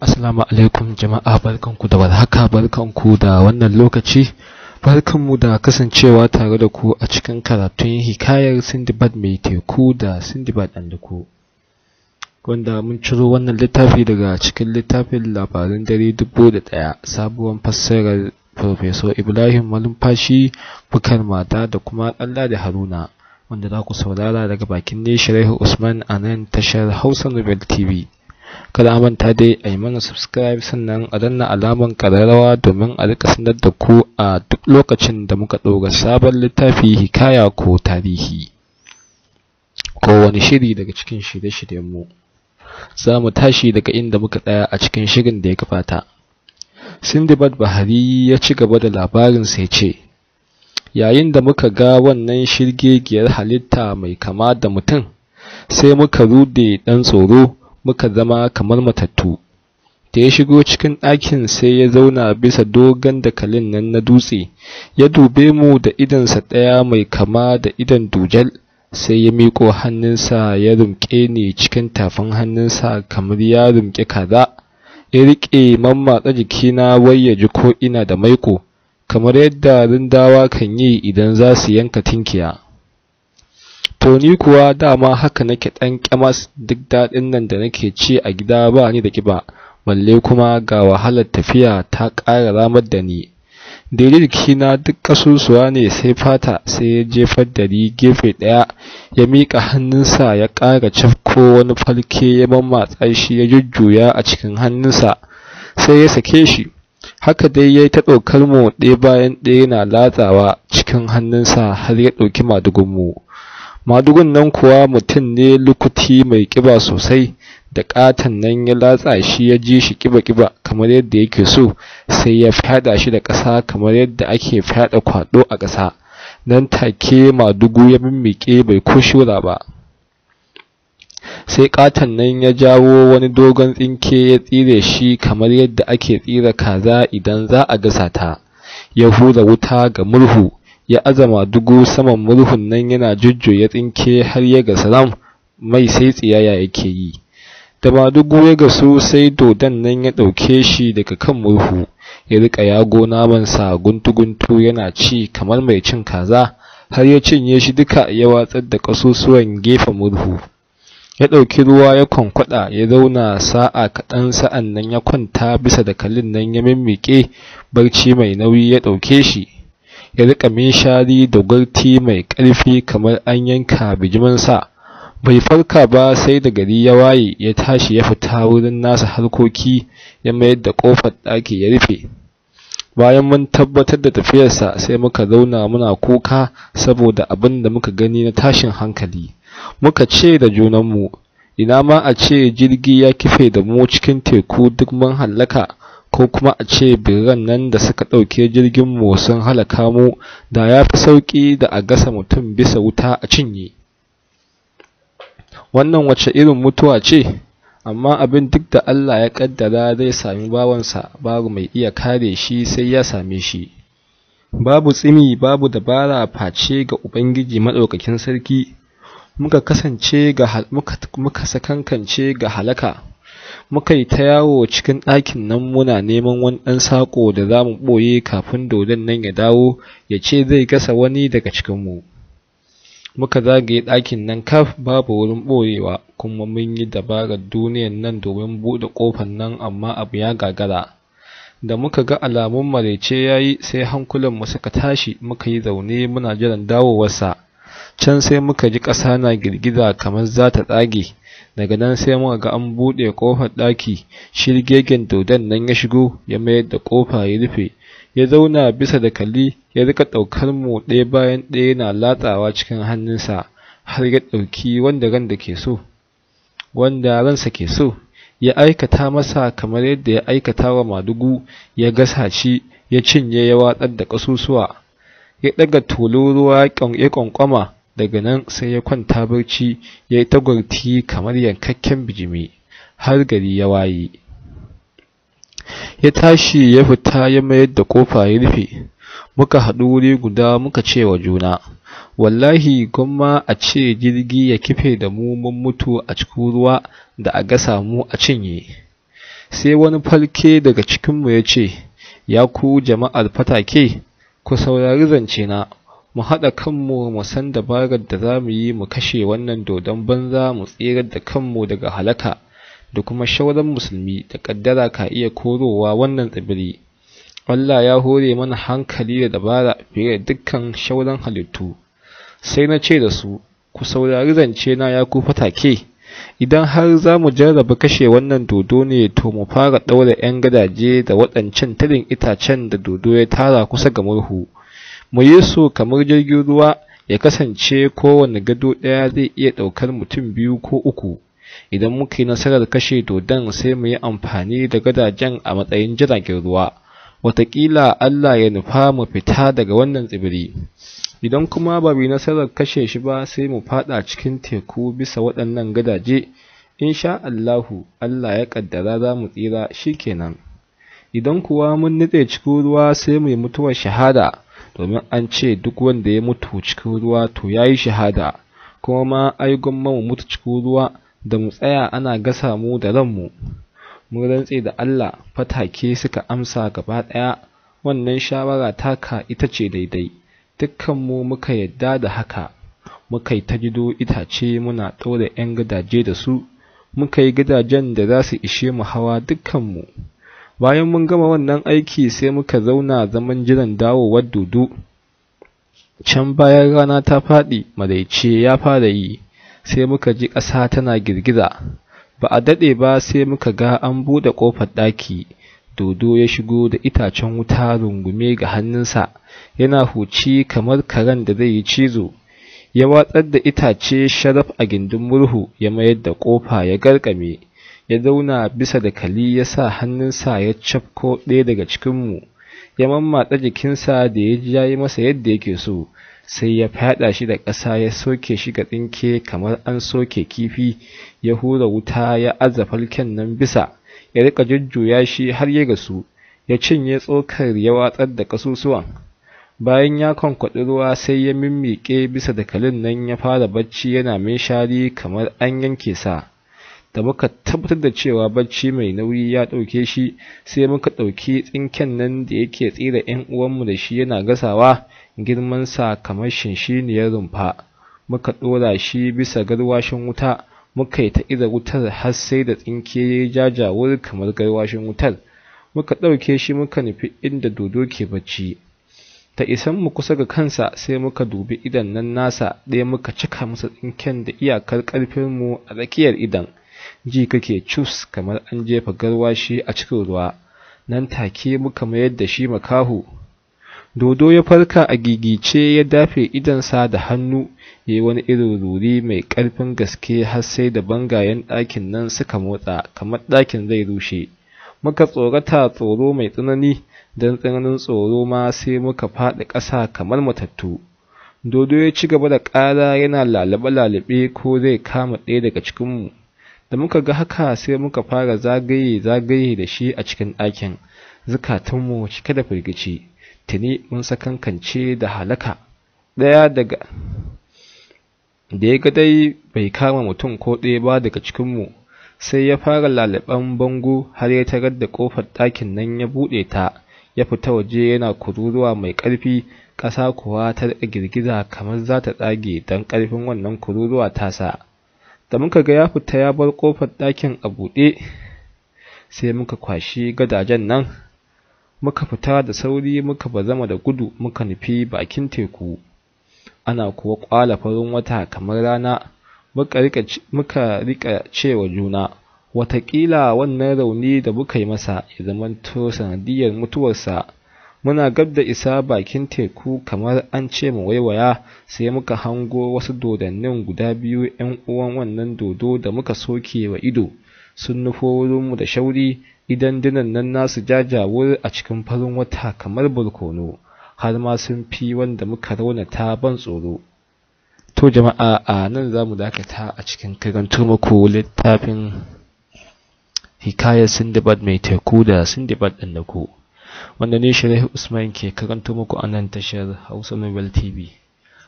Assalamu alaikum jama'a barkanku da warhaka barkanku da wannan lokaci barkanmu da kasancewa tare da ku a cikin karatun hikayar Sindbad mai teku da Sindbad and ku wanda mun ciro wannan littafi daga cikin littafin labarin dare dubu da ɗaya sabuwar fassarar Professor Ibrahim Malumfashi Bukar Mata da kuma Allah da Haruna wanda za ku saurara daga bakin ne Usman a nan tashar Hausa Nobel TV. kada manta dai a yi mana subscribe sannan a danna alaman kararrawa domin a rika sanar da ku a duk lokacin da muka ɗora sabon littafi hikaya ko tarihi ko wani shiri daga cikin shirye-shiryenmu za mu tashi daga inda muka ɗaya a cikin shirin da ya gabata sindibad bahari ya ci gaba da labarin ya ce yayin da muka ga wannan shirgegiyar halitta mai kama da mutum sai muka rude dan tsoro muka zama kamar matattu da ya shigo cikin ɗakin sai ya zauna bisa dogon dakalin nan na dutse ya dube mu da idansa ɗaya mai kama da idon dujal sai ya miƙo hannunsa ya rumƙe ni cikin tafin hannunsa kamar ya rumƙe kaza ya riƙe mammatsa jikina wai ya ji ko ina da maiko kamar yadda rindawa kan yi idan za su yanka tinkiya To ni kuwa dama haka nake ɗan ƙyamas duk daɗin nan da nake ci a gida ba ni da ƙiba, balle kuma ga wahalar tafiya ta ƙara ramar da ni. Daidai jikina duk ƙasusuwa ne sai fata sai ya jefar da ni gefe ɗaya ya mika hannunsa ya ƙara cafko wani falke ya mammatsa shi ya jujjuya a cikin hannunsa sai ya sake shi. haka dai ya yi ta ɗaukar mu ɗaya bayan ɗaya yana latsawa cikin hannunsa har ya ɗauki madugunmu madugun nan kuwa mutum ne lukuti mai ƙiba sosai da ƙaton nan ya latsa shi ya ji shi ƙiba kiba kamar yadda yake so sai ya fyaɗa shi da ƙasa kamar yadda ake fyaɗa kwaɗo a ƙasa nan take madugu ya miƙe bai kushura shura ba sai ƙaton nan ya jawo wani dogon tsinke ya tsire shi kamar yadda ake tsira kaza idan za a gasa ta ya hura wuta ga murhu ya azama dugu saman murhun nan yana ya tsinke har ya ga salam mai sai tsiyaya yake yi da ba dugu ya su sai dodon nan ya ɗauke shi daga kan murhu ya riƙa yago namansa guntu-guntu yana ci kamar mai cin kaza har ya cinye shi duka ya watsar da ƙasusuwan gefen murhu ya ɗauki ruwa ya kwankwaɗa ya zauna sa'a kaɗan sa'an nan ya kwanta bisa da kalin nan ya mimmiƙe barci mai nauyi ya ɗauke shi ya riƙa minshari da gwarti mai ƙarfi kamar an yanka bijimansa bai farka ba sai da gari ya waye ya tashi ya fita wurin nasa harkoki ya mayar da ƙofar ɗaki ya rufe bayan mun tabbatar da tafiyarsa sai muka zauna muna kuka saboda abin da muka gani na tashin hankali muka ce da junanmu ina ma a ce jirgi ya kife da mu cikin teku duk mun hallaka ko kuma a ce biran nan da suka ɗauke jirginmu sun halaka mu da ya fi sauƙi da a gasa mutum bisa wuta a cinye wannan wace irin mutuwa ce amma abin duk da Allah ya ƙaddara zai sami bawansa babu mai iya kare shi sai ya same shi babu tsimi babu dabara face ga ubangiji maɗaukakin sarki muka kasance muka sakankance ga halaka muka yi ta yawo cikin ɗakin nan muna neman wani ɗan saƙo da za mu ɓoye kafin dodon nan ya dawo ya ce zai gasa wani daga cikinmu muka zagaye ɗakin nan kaf babu wurin ɓoyewa kuma mun yi dabarar duniyan nan domin buɗe ƙofar nan amma abu ya gagara da muka ga alamun marece ya yi sai hankulanmu suka tashi muka yi zaune muna jiran dawowarsa can sai muka ji ƙasa na girgiza kamar za ta tsage daga nan sai muka ga an buɗe ƙofar ɗaki shirgegen dodon nan ya shigo ya mayar da ƙofa ya rufe ya zauna bisa da kalli ya rika ɗaukar mu ɗaya bayan ɗaya na latsawa cikin hannunsa har ya ɗauki wanda ran da ke so wanda ransa ke so ya aikata masa kamar yadda ya aikata wa madugu ya gasa shi ya cinye ya watsar da ƙasusuwa ya ɗaga tulu ruwa ya ƙwanƙwama daga nan sai ya kwanta barci ya yi tagwarti kamar yankakken bijimi har gari ya waye ya tashi ya fita ya mayar da kofa ya rufe muka haɗu wuri guda muka ce wa juna wallahi gwamma a ce jirgi ya kife da mu mun mutu a cikin ruwa da a gasa mu a cinye sai wani falke daga cikinmu ya ce ya ku jama'ar fatake ku saurari zance na mu haɗa kanmu mu san dabarar da za mu yi mu kashe wannan dodon banza mu tsirar da kanmu daga halaka da kuma shauran musulmi da ƙaddara ka iya korowa wannan tsibiri Allah ya hore mana hankali da dabara fiye da dukkan shauran halittu sai na ce da su ku saurari zance na ya kufa take. idan har za mu jarraba kashe wannan dodo ne to mu fara ɗaura 'yan gadaje da waɗancan tarin itacen da dodo ya tara kusa ga murhu mu yi su kamar jirgin ruwa ya kasance kowane gado ɗaya zai iya ɗaukar mutum biyu ko uku idan muka yi nasarar kashe dodon sai mu yi amfani da gadajen a matsayin jiragen ruwa watakila Allah ya nufa mu fita daga wannan tsibiri idan kuma ba mu nasarar kashe shi ba sai mu fada cikin teku bisa waɗannan gadaje insha Allahu Allah ya kaddara za mu tsira shi kenan. idan kuwa mun nutse cikin ruwa sai mu yi mutuwar shahada domin an ce duk wanda ya mutu cikin ruwa to ya yi shahada kuma ma ai gwamma mu mutu cikin ruwa da mu tsaya ana gasa mu da ranmu mun rantse da Allah fatake suka amsa gaba ɗaya wannan shawara taka ita ce daidai dukkanmu muka yadda da haka muka yi ta gido itace muna ɗaura 'yan gadaje da su muka yi gidajen da za su ishe mu hawa dukkanmu bayan mun gama wannan aiki sai muka zauna zaman jiran dawowar dudu can bayan rana ta faɗi madaice ya fara yi sai muka ji ƙasa tana girgiza ba a daɗe ba sai muka ga an buɗe ƙofar ɗaki dodo ya shigo da itacen wuta rungume ga hannunsa yana huci kamar karen da zai yi cizo ya watsar da itace sharaf a gindin murhu ya mayar da ƙofa ya garkame ya zauna bisa da kali ya sa hannunsa ya cafko ɗaya daga cikinmu ya mammatsa jikinsa da ya ji yayi masa yadda yake so sai ya fada shi da ƙasa ya soke shi ga tsinke kamar an soke kifi ya hura wuta ya aza falken nan bisa ya rika jujjuya shi har ya gasu ya cinye tsokar ya watsar da ƙasusuwan. bayan ya kwankwaɗi ruwa sai ya mimmiƙe bisa da kalin nan ya fara bacci yana shari kamar an yanke sa da muka tabbatar da cewa bacci mai nauyi ya ɗauke shi sai muka ɗauki tsinken nan da yake tsira 'yan uwanmu da shi yana gasawa girman sa shi ne ya rumfa muka ɗora shi bisa garwashin wuta muka yi ta ira wutar har sai da tsinke ya jajawur kamar garwashin wutar muka ɗauke shi muka nufi inda dodo ke bacci ta isan mu kusa ga kansa sai muka dubi idan nan nasa ɗaya muka cika masa tsinken da iyakar ƙarfinmu a tsakiyar idan ji kake cus kamar an jefa garwashi a cikin ruwa nan take muka mayar da shi makahu dodo ya farka a gigice ya dafe idansa da hannu ya yi wani irin ruri mai ƙarfin gaske har sai da bangayen ɗakin nan suka motsa kamar ɗakin zai rushe muka tsorata tsoro mai tsanani don tsananin tsoro ma sai muka faɗi ƙasa kamar matattu dodo ya ci gaba da ƙara yana lalabe-lalabe ko zai kama ɗaya daga cikinmu da muka ga haka sai muka fara zagaye zagaye da shi a cikin ɗakin zukatunmu cike da firgici tuni mun sakankance da halaka ɗaya daga da ya ga dai bai kama mutum ko ɗaya ba daga cikinmu sai ya fara lalaban bango har ya tarar da ƙofar ɗakin nan ya buɗe ta ya fita waje yana kururuwa mai ƙarfi ƙasa kuwa ta girgiza kamar za ta tsage don ƙarfin wannan kururuwa ta sa. da muka ga ya fita ya bar kofar ɗakin a buɗe sai muka kwashi gadajen nan muka fita da sauri muka bazama da gudu muka nufi bakin teku ana kuwa kwala farin wata kamar rana muka rika cewa juna watakila wannan rauni da muka yi masa ya zamanto sanadiyar mutuwarsa muna gab da isa bakin teku kamar an ce mu waiwaya sai muka hango wasu dodannin guda biyu yan uwan wannan dodo da muka soke wa ido sun nufo wurinmu da shauri idan dinan nan nasu jajawur a cikin farin wata kamar barkono har ma sun fi wanda muka raunata ban tsoro to jama'a a nan za mu dakata a cikin karantar muku littafin hikayar sindibad mai teku da sindibad ɗin da ku wanda ne shirai Usman ke karanta muku a nan tashar Hausa Nobel TV.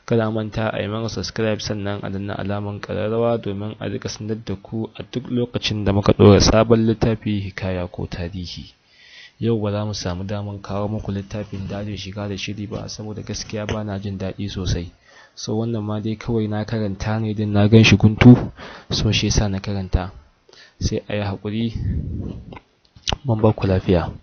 Kada manta a yi mara subscribe sannan a danna alaman kararrawa domin a rika sanar da ku a duk lokacin da muka ɗora sabon littafi hikaya ko tarihi. Yau ba za mu samu damar kawo muku littafin da ake shiga da shiri ba saboda gaskiya ba na jin daɗi sosai. So wannan ma dai kawai na karanta ne din na gan shi guntu so shi yasa na karanta. Sai a yi haƙuri ku lafiya.